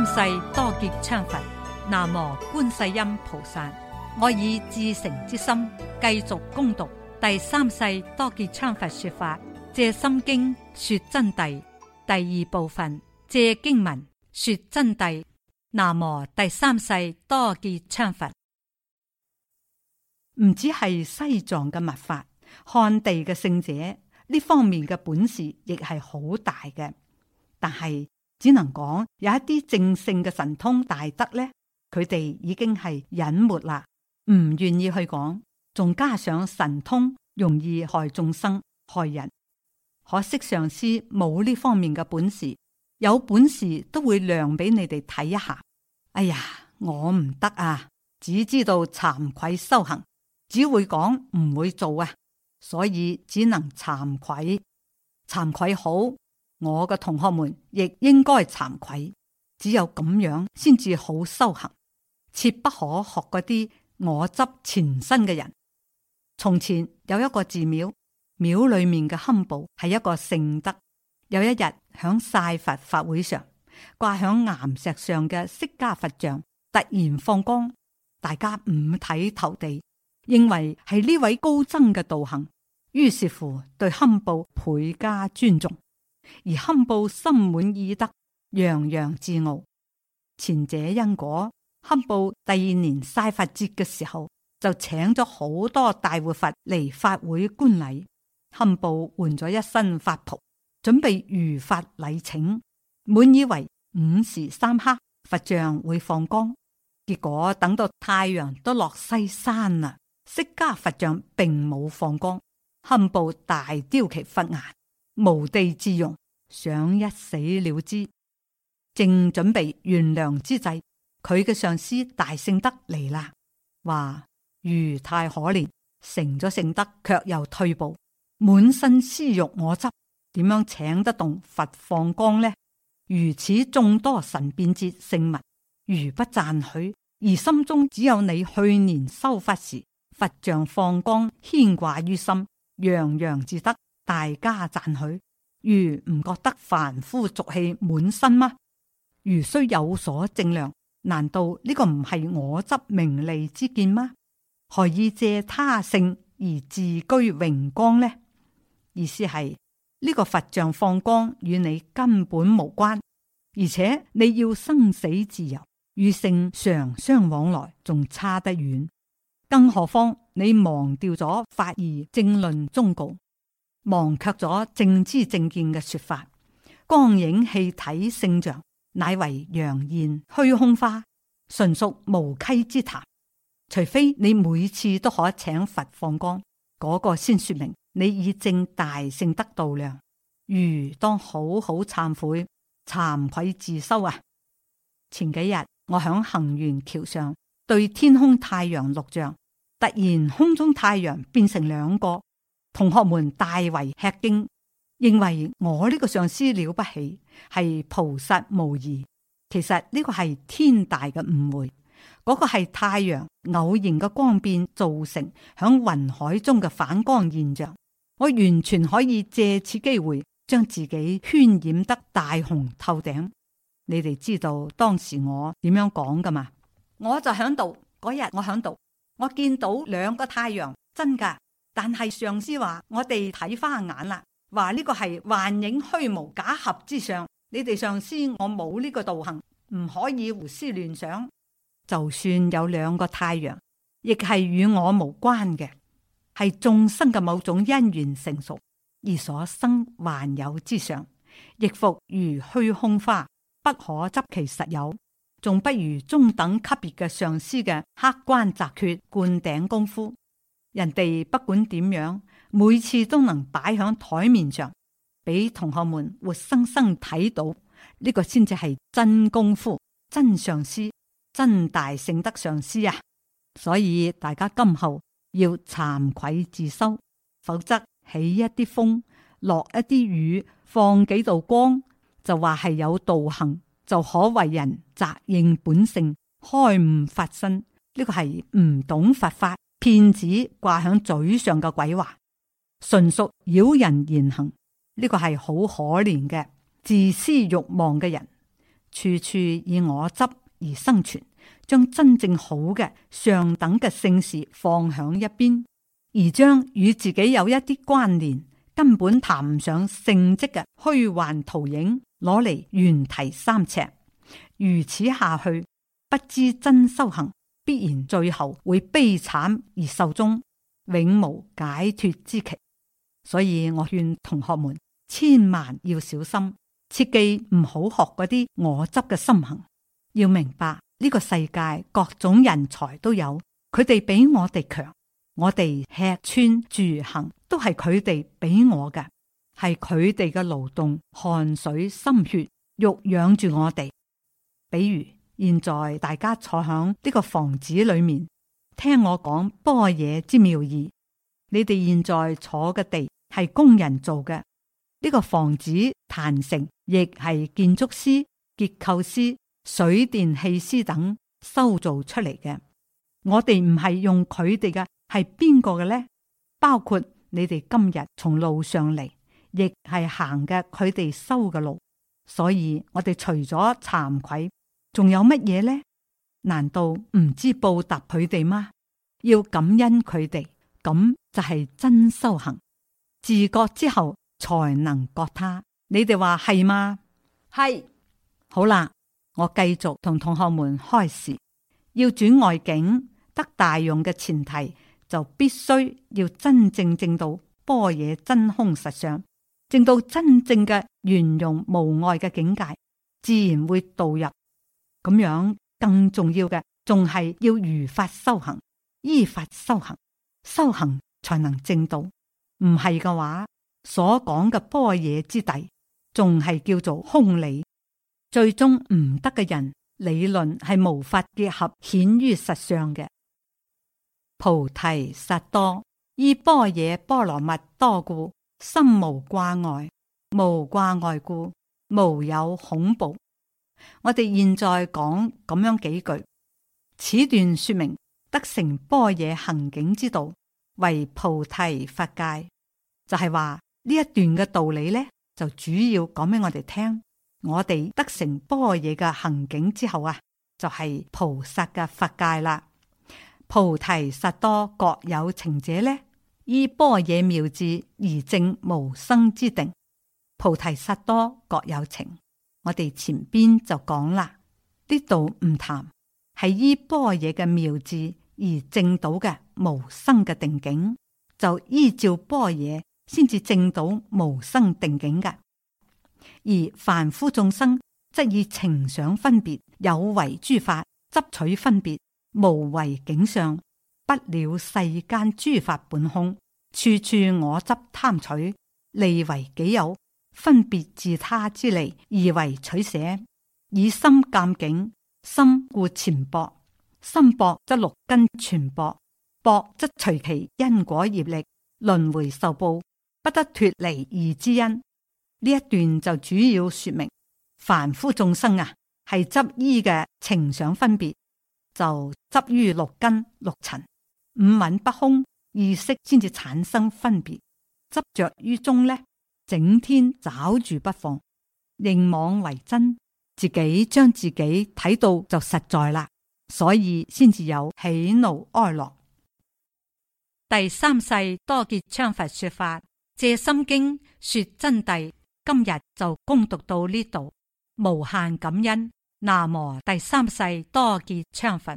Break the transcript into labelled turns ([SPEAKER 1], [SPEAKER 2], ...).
[SPEAKER 1] 三世多杰羌佛，南無觀世音菩薩，我以至誠之心繼續恭讀第三世多杰羌佛說法《藉心經》說真諦第二部分《藉經文說真諦》，南無第三世多杰羌佛，唔止係西藏嘅密法，漢地嘅聖者呢方面嘅本事亦係好大嘅，但係。只能講有一啲正性嘅神通大德呢，佢哋已經係隱沒啦，唔願意去講。仲加上神通容易害眾生害人，可惜上司冇呢方面嘅本事，有本事都會亮俾你哋睇一下。哎呀，我唔得啊，只知道慚愧修行，只會講唔會做啊，所以只能慚愧，慚愧好。我嘅同學們亦應該慚愧，只有咁樣先至好修行，切不可學嗰啲我執前身嘅人。從前有一個寺廟，廟裏面嘅堪布係一個聖德。有一日響晒佛法會上，掛響岩石上嘅釋迦佛像突然放光，大家五體投地，認為係呢位高僧嘅道行，於是乎對堪布倍加尊重。而堪布心滿意得，洋洋自傲。前者因果，堪布第二年晒佛節嘅時候，就請咗好多大活佛嚟法會觀禮。堪布換咗一身法袍，準備如法禮請，滿以為午時三刻佛像會放光，結果等到太陽都落西山啦，釋迦佛像並冇放光，堪布大雕其佛牙。無地自容，想一死了之，正準備原諒之際，佢嘅上司大聖德嚟啦，話如太可憐，成咗聖德卻又退步，滿身私欲我執，點樣請得動佛放光呢？如此眾多神變節聖物，如不贊許，而心中只有你去年修法時佛像放光牽掛於心，洋洋自得。大家贊許，如唔覺得凡夫俗氣滿身嗎？如需有所正量，難道呢個唔係我執名利之見嗎？何以借他性而自居榮光呢？意思係呢個佛像放光與你根本無關，而且你要生死自由與性常相往來，仲差得遠。更何況你忘掉咗法而正論忠告。忘卻咗正知正見嘅說法，光影氣體勝像，乃為陽焰虛空花，純屬無稽之談。除非你每次都可請佛放光，嗰、那個先說明你已正大聖得度量。如當好好懺悔，慚愧自修啊！前幾日我響行源橋上對天空太陽錄像，突然空中太陽變成兩個。同學們大為吃驚，認為我呢個上司了不起，係菩薩無疑。其實呢個係天大嘅誤會，嗰個係太陽偶然嘅光變造成響雲海中嘅反光現象。我完全可以借此機會將自己渲染得大紅透頂。你哋知道當時我點樣講噶嘛？我就喺度嗰日，我喺度，我見到兩個太陽，真噶。但係上司話我哋睇花眼啦，話呢個係幻影虛無假合之上，你哋上司我冇呢個道行，唔可以胡思亂想。就算有兩個太陽，亦係與我無關嘅，係眾生嘅某種因緣成熟而所生幻有之上，亦復如虛空花，不可執其實有，仲不如中等級別嘅上司嘅客觀擇決灌頂功夫。人哋不管點樣，每次都能擺喺台面上，俾同學們活生生睇到，呢個先至係真功夫、真上師、真大聖德上師啊！所以大家今後要慚愧自修，否則起一啲風，落一啲雨，放幾道光，就話係有道行，就可為人摘認本性開悟法身，呢個係唔懂佛法。騙子掛響嘴上嘅鬼話，純屬妖人言行。呢個係好可憐嘅自私欲望嘅人，處處以我執而生存，將真正好嘅上等嘅聖事放響一邊，而將與自己有一啲關聯、根本談唔上聖跡嘅虛幻投影攞嚟圓提三尺。如此下去，不知真修行。必然最後會悲慘而壽終，永無解脫之期。所以我勸同學們千萬要小心，切記唔好學嗰啲我執嘅心行。要明白呢個世界各種人才都有，佢哋比我哋強，我哋吃穿住行都係佢哋俾我嘅，係佢哋嘅勞動汗水心血肉養住我哋。比如。現在大家坐響呢個房子裏面聽我講般若之妙義。你哋現在坐嘅地係工人做嘅。呢、這個房子、壇城亦係建築師、結構師、水電氣師等修造出嚟嘅。我哋唔係用佢哋嘅，係邊個嘅呢？包括你哋今日從路上嚟，亦係行嘅佢哋修嘅路。所以我哋除咗慚愧。仲有乜嘢呢？難道唔知道報答佢哋嗎？要感恩佢哋，咁就係真修行。自覺之後才能覺他。你哋話係嗎？係是好啦，我繼續同同學們開示。要轉外境得大用嘅前提，就必須要真正證到般若真空實相，證到真正嘅圓融無礙嘅境界，自然會導入。咁樣更重要嘅，仲係要如法修行，依法修行，修行才能證到。唔係嘅話，所講嘅般若之諦，仲係叫做空理，最終唔得嘅人，理論係無法結合顯於實相嘅。菩提薩埵依般若波羅蜜多故，心無掛礙，無掛礙故，無有恐怖。我哋現在講咁樣幾句，此段說明得成般若行境之道為菩提法界，就係話呢一段嘅道理呢，就主要講俾我哋聽。我哋得成般若嘅行境之後啊，就係、是、菩薩嘅法界啦。菩提薩埵各有情者呢，依般若妙智而證無生之定。菩提薩埵各有情。我哋前邊就講啦，呢度唔談，係依般若嘅妙智而證到嘅無生嘅定境，就依照般若先至證到無生定境嘅。而凡夫眾生則以情想分別，有為諸法執取分別，無為境相不了世間諸法本空，處處我執貪取，利為己有。分別自他之利而為取捨，以心鑒境，心故淺薄，心薄則六根全薄，薄則隨其因果業力輪迴受報，不得脫離而知恩。呢一段就主要說明凡夫眾生啊，係執依嘅情想分別，就執於六根六塵，五蘊不空，意識先至產生分別，執着於中呢？整天抓住不放，認妄為真，自己將自己睇到就實在啦，所以先至有喜怒哀樂。第三世多杰羌佛說法，藉心經說真諦。今日就恭讀到呢度，無限感恩。南無第三世多杰羌佛。